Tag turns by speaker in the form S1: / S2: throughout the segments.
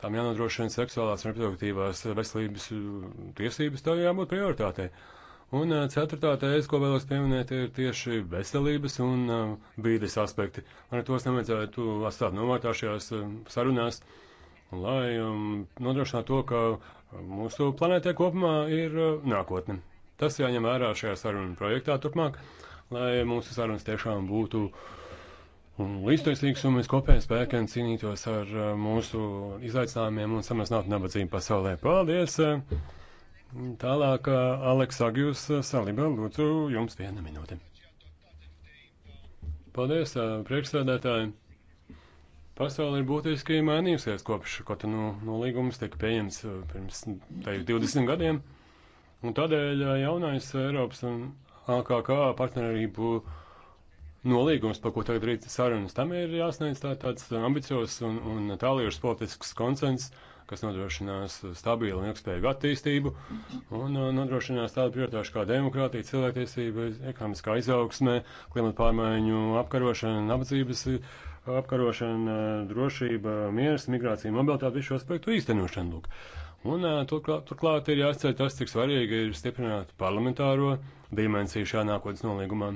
S1: tām jānodrošina seksuālās un reproduktīvās veselības mm, tiesības, tā jābūt prioritātei. Un eh, ceturtā tēze, ko vēlos pieminēt, ir tieši veselības un eh, bīdas aspekti. Man tos nevajadzētu atstāt novārtā šajās eh, sarunās, lai um, nodrošinātu to, ka mūsu planētē kopumā ir nākotne. Tas jāņem vērā šajā sarunu projektā turpmāk, lai mūsu sarunas tiešām būtu uh, Un līdztaisīgs un mēs kopējiem spēkiem cīnītos ar uh, mūsu izaicinājumiem un samazinātu nabadzību pasaulē. Paldies! Tālāk, uh, Aleks Agjus uh, Saliba, lūdzu, jums viena minūte. Paldies, priekšsēdētāji! Pasaule ir būtiski mainījusies kopš Kotonu nolīgums tika pieņemts pirms 20 gadiem, un tādēļ jaunais Eiropas un AKK partnerību uh, nolīgums, par ko tagad rīt sarunas, tam ir jāsniedz tā, tāds ambiciozs un, un tālījušs politisks konsens, kas nodrošinās stabilu un ilgspējīgu attīstību un uh, nodrošinās tādu prioritāšu kā demokrātija, cilvēktiesība, ekonomiskā izaugsme, klimata pārmaiņu apkarošana, nabadzības uh, apkarošana, drošība, miers, migrācija, mobilitāte, visu šo aspektu īstenošana. Lūk. Un uh, turklāt, turklāt ir jāizceļ tas, cik svarīgi ir stiprināt parlamentāro dimensiju šajā nākotnes nolīgumā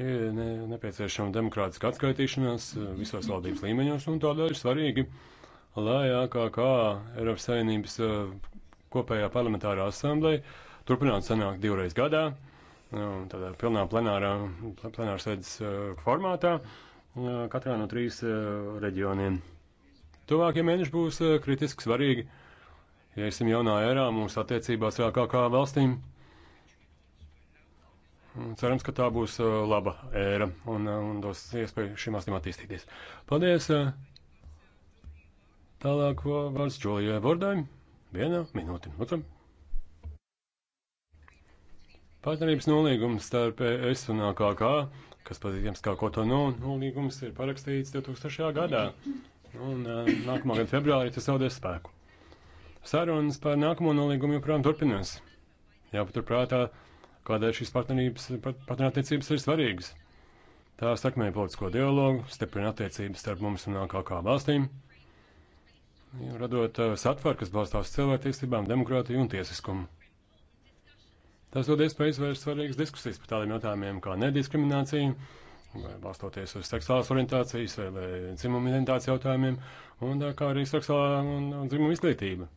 S1: ir ne, nepieciešama demokrātiska atskaitīšanās eh, visos valdības līmeņos, un tādēļ ir svarīgi, lai AKK Eiropas Savienības eh, kopējā parlamentārā asamblēja turpinātu sanākt divreiz gadā, eh, tādā pilnā plenārā, plenāra sēdes formātā, katrā no trīs reģioniem. Tuvākie mēneši būs kritiski svarīgi, ja esam jaunā erā mūsu attiecībās ar AKK valstīm. Cerams, ka tā būs uh, laba ēra un, uh, un dos iespēju šīm astēm attīstīties. Paldies! Uh. Tālāk vārds Čolijai Bordai. Viena minūte. Lūdzam. Partnerības nolīgums starp ES un AKK, kas pazīstams kā Kotono nolīgums, ir parakstīts 2000. gadā. Un nākamā gada februārī tas zaudēs spēku. Sarunas par nākamo nolīgumu joprojām turpinās. Jāpaturprātā. Ja kādēļ šīs partnerības, partnerattiecības ir svarīgas. Tā sakmē politisko dialogu, stiprina attiecības starp mums un AKK valstīm, radot uh, satvaru, kas balstās cilvēktiesībām, demokrātiju un tiesiskumu. Tas dod iespēju izvērst svarīgas diskusijas par tādiem jautājumiem kā nediskriminācija, vai balstoties uz seksuālās orientācijas vai, vai dzimuma identitātes jautājumiem, un uh, kā arī seksuālā un, un dzimuma izglītība.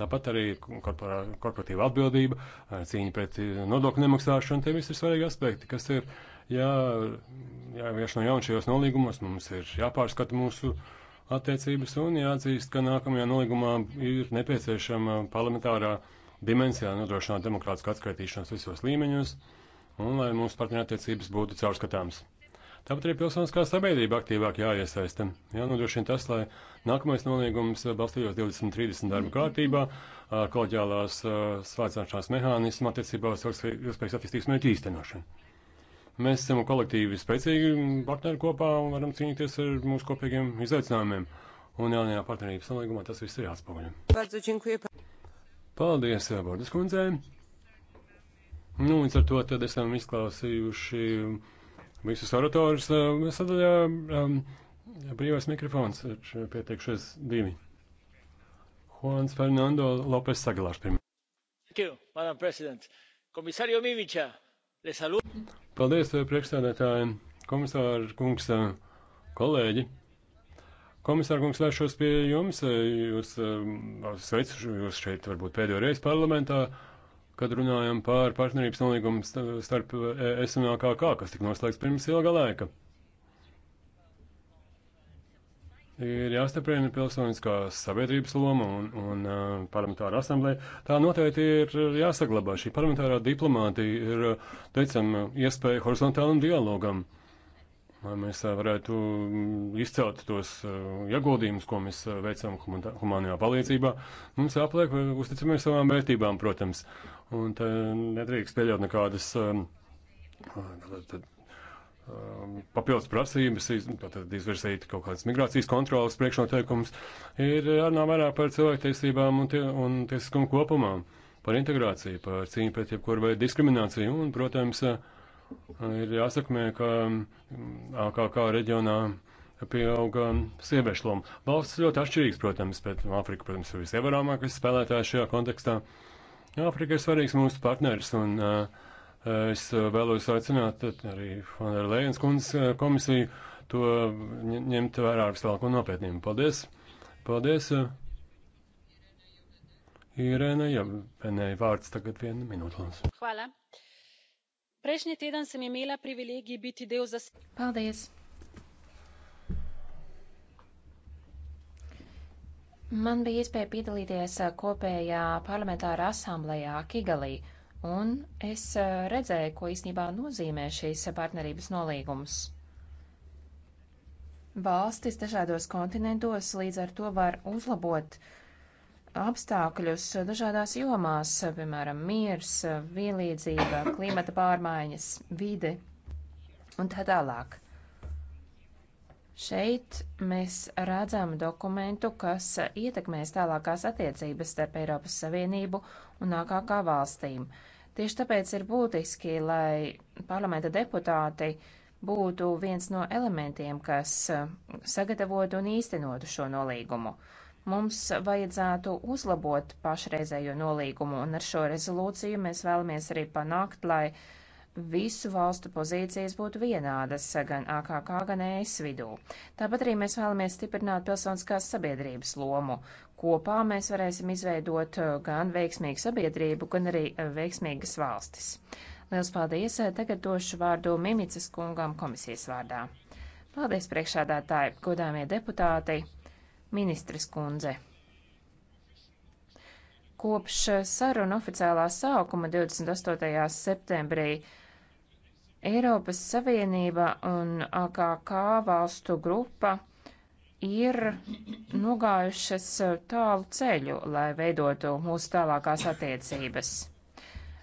S1: Tāpat arī korporatīva atbildība, eh, cīņa pret eh, nodokļu nemaksāšanu, tie visi ir svarīgi aspekti, kas ir jā, jāievieš no jauna šajos nolīgumos. Mums ir jāpārskata mūsu attiecības un jāatzīst, ka nākamajā nolīgumā ir nepieciešama parlamentārā dimensijā nodrošināt demokrātisku atskaitīšanos visos līmeņos un lai mūsu partnerattiecības būtu caurskatāmas. Tāpat arī pilsoniskā sabiedrība aktīvāk jāiesaista. Jā, nodrošina tas, lai nākamais noliegums balstījos 2030 darba kārtībā ar kolģiālās svācināšanās mehānismu attiecībā uz ilgspējas attīstības mērķu īstenošanu. Mēs esam kolektīvi spēcīgi partneri kopā un varam cīnīties ar mūsu kopīgiem izaicinājumiem. Un jaunajā partnerības nolīgumā tas viss ir
S2: jāatspoguļo.
S1: Paldies, Bordas kundzei! Nu, līdz ar to tad esam izklausījuši visus oratorus eh, sadaļā um, brīvais mikrofons ir eh, pieteikšies divi. Juans Fernando Lopes Sagalārs pirmā. Thank you, Madam President. Komisārio Mimiča, le salut. Paldies, priekšstādētāji, komisāri, kungs, kolēģi. Komisāra kungs, vēršos pie jums. Jūs sveicu jūs šeit varbūt pēdējo reizi parlamentā. Uh, kad runājam par partnerības nolīgumu starp ES un AKK, kas tika noslēgts pirms ilga laika. Ir jāstiprina pilsoniskā sabiedrības loma un, un uh, parlamentāra asamblēja. Tā noteikti ir jāsaglabā. Šī parlamentārā diplomātija ir, teicam, iespēja horizontālam dialogam. Uh, lai mēs varētu mm, izcelt tos ieguldījumus, ko mēs veicam humanajā palīdzībā. Mums jāpaliek uzticamiem savām vērtībām, protams, un te nedrīkst pieļaut nekādas papildus prasības, nu, tad izvirzīt kaut kādas migrācijas kontrolas priekšnoteikumus. Ir jārunā vairāk par cilvēktiesībām un, tie, un tiesiskumu kopumā, par integrāciju, par cīņu pret jebkuru veidu diskrimināciju un, protams, uh, ir jāsakmē, ka AKK mm, reģionā pieauga sieviešu loma. Valsts ļoti atšķirīgs, protams, bet Āfrika, protams, ir visievarāmākais spēlētājs šajā kontekstā. Āfrika ir svarīgs mūsu partners, un uh, es vēlos aicināt arī Fonera Lējens kundzes komisiju to ņemt vērā ar stāvāko nopietnību. Paldies! Paldies! Irēna, ja vienai vārds tagad viena minūte.
S2: Hvala. Prejšnji teden sem imela privilegij biti del zas... Paldies! Man bija iespēja piedalīties eh, kopējā parlamentāra asamblējā Kigalī, un es eh, redzēju, ko īstenībā nozīmē šīs partnerības nolīgums. Valstis dažādos kontinentos līdz ar to var uzlabot apstākļus dažādās jomās, piemēram, miers, vienlīdzība, klimata pārmaiņas, vide un tā tālāk. Šeit mēs redzam dokumentu, kas ietekmēs tālākās attiecības starp Eiropas Savienību un nākākā valstīm. Tieši tāpēc ir būtiski, lai parlamenta deputāti būtu viens no elementiem, kas sagatavotu un īstenotu šo nolīgumu. Mums vajadzētu uzlabot pašreizējo nolīgumu, un ar šo rezolūciju mēs vēlamies arī panākt, lai visu valstu pozīcijas būtu vienādas gan AKK, gan ES vidū. Tāpat arī mēs vēlamies stiprināt pilsoniskās sabiedrības lomu. Kopā mēs varēsim izveidot uh, gan veiksmīgu sabiedrību, gan arī uh, veiksmīgas valstis. Liels paldies! Uh, tagad došu vārdu Mimicas kungam komisijas vārdā. Paldies priekšādātāji, godāmie deputāti! Ministres kundze, kopš saruna oficiālā sākuma 28. septembrī Eiropas Savienība un AKK valstu grupa ir nogājušas tālu ceļu, lai veidotu mūsu tālākās attiecības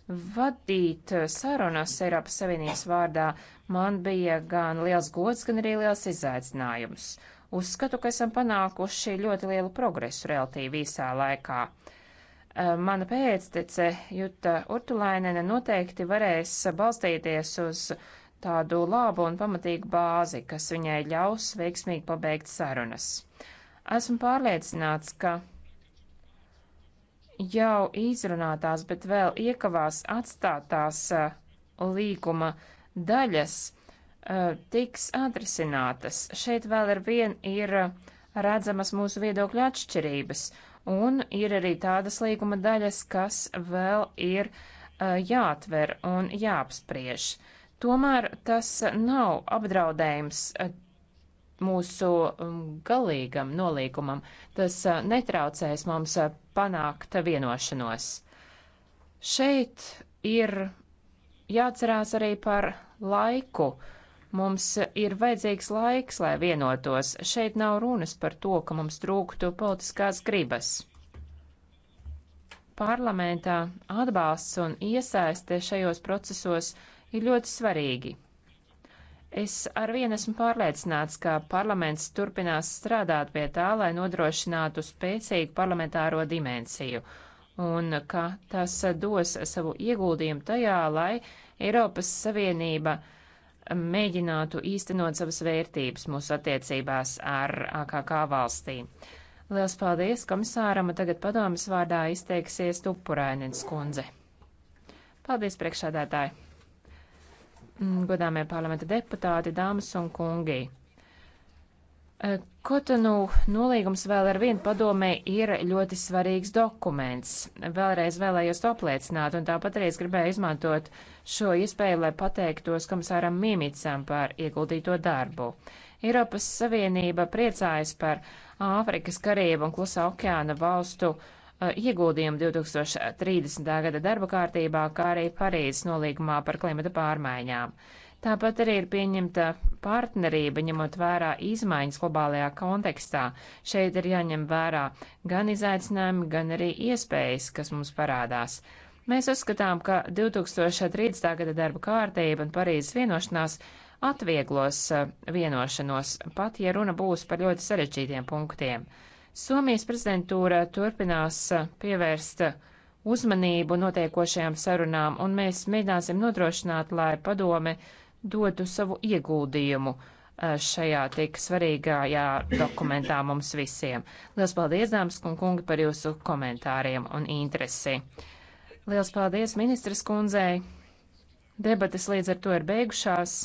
S2: vadīt eh, sarunas Eiropas Savienības vārdā, man bija gan liels gods, gan arī liels izaicinājums. Uzskatu, ka esam panākuši ļoti lielu progresu relatīvi īsā laikā. Eh, mana pēctece Juta Urtulainene noteikti varēs balstīties uz tādu labu un pamatīgu bāzi, kas viņai ļaus veiksmīgi pabeigt sarunas. Esmu pārliecināts, ka jau izrunātās, bet vēl iekavās atstātās uh, līguma daļas uh, tiks atrisinātas. Šeit vēl ar vien ir uh, redzamas mūsu viedokļu atšķirības, un ir arī tādas līguma daļas, kas vēl ir jāatver un jāapspriež. Tomēr tas nav apdraudējums mūsu um, galīgam nolīgumam. Tas uh, netraucēs mums uh, panākt vienošanos. Šeit ir jāatcerās arī par laiku. Mums ir vajadzīgs laiks, lai vienotos. Šeit nav runas par to, ka mums trūktu politiskās gribas. Parlamentā atbalsts un iesaiste šajos procesos ir ļoti svarīgi. Es ar vienu esmu pārliecināts, ka parlaments turpinās strādāt pie tā, lai nodrošinātu spēcīgu parlamentāro dimensiju un ka tas dos savu ieguldījumu tajā, lai Eiropas Savienība mēģinātu īstenot savas vērtības mūsu attiecībās ar AKK valstīm. Liels paldies komisāram, un tagad padomas vārdā izteiksies Tupurainens kundze. Paldies, priekšādātāji! Mm, godāmie parlamenta deputāti, dāmas un kungi. E, Kotonu nolīgums vēl ar vienu padomē ir ļoti svarīgs dokuments. Vēlreiz vēlējos to apliecināt, un tāpat arī es gribēju izmantot šo iespēju, lai pateiktos komisāram Mimicam par ieguldīto darbu. Eiropas Savienība priecājas par Āfrikas karību un Klusā okeāna valstu uh, Eh, ieguldījumu 2030. gada darba kārtībā, kā arī Parīzes nolīgumā par klimata pārmaiņām. Tāpat arī ir pieņemta partnerība, ņemot vērā izmaiņas globālajā kontekstā. Šeit ir jāņem vērā gan izaicinājumi, gan arī iespējas, kas mums parādās. Mēs uzskatām, ka 2030. gada darba kārtība un Parīzes vienošanās atvieglos eh, vienošanos, pat ja runa būs par ļoti sarežģītiem punktiem. Somijas prezidentūra turpinās pievērst uzmanību notiekošajām sarunām, un mēs mēģināsim nodrošināt, lai padome dotu savu ieguldījumu e, šajā tik svarīgajā dokumentā mums visiem. Lielas paldies, dāmas un kungi, par jūsu komentāriem un interesi. Lielas paldies ministras kundzei. Debates līdz ar to ir beigušās.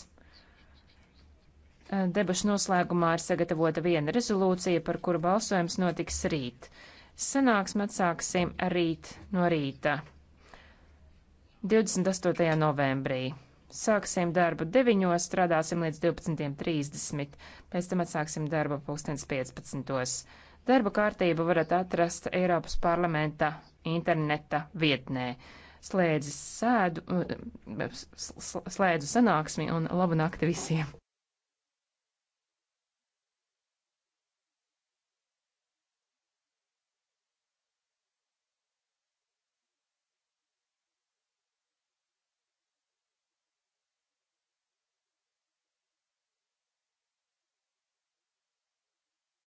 S2: Debašu noslēgumā ir sagatavota viena rezolūcija, par kuru balsojums notiks rīt. Sanāksim atsāksim rīt no rīta, 28. novembrī. Sāksim darbu 9, strādāsim līdz 12.30, pēc tam atsāksim darbu 15. Darba kārtību varat atrast Eiropas parlamenta interneta vietnē. Slēdzu sēdu, uh, slēdzu sanāksmi un labu nakti visiem!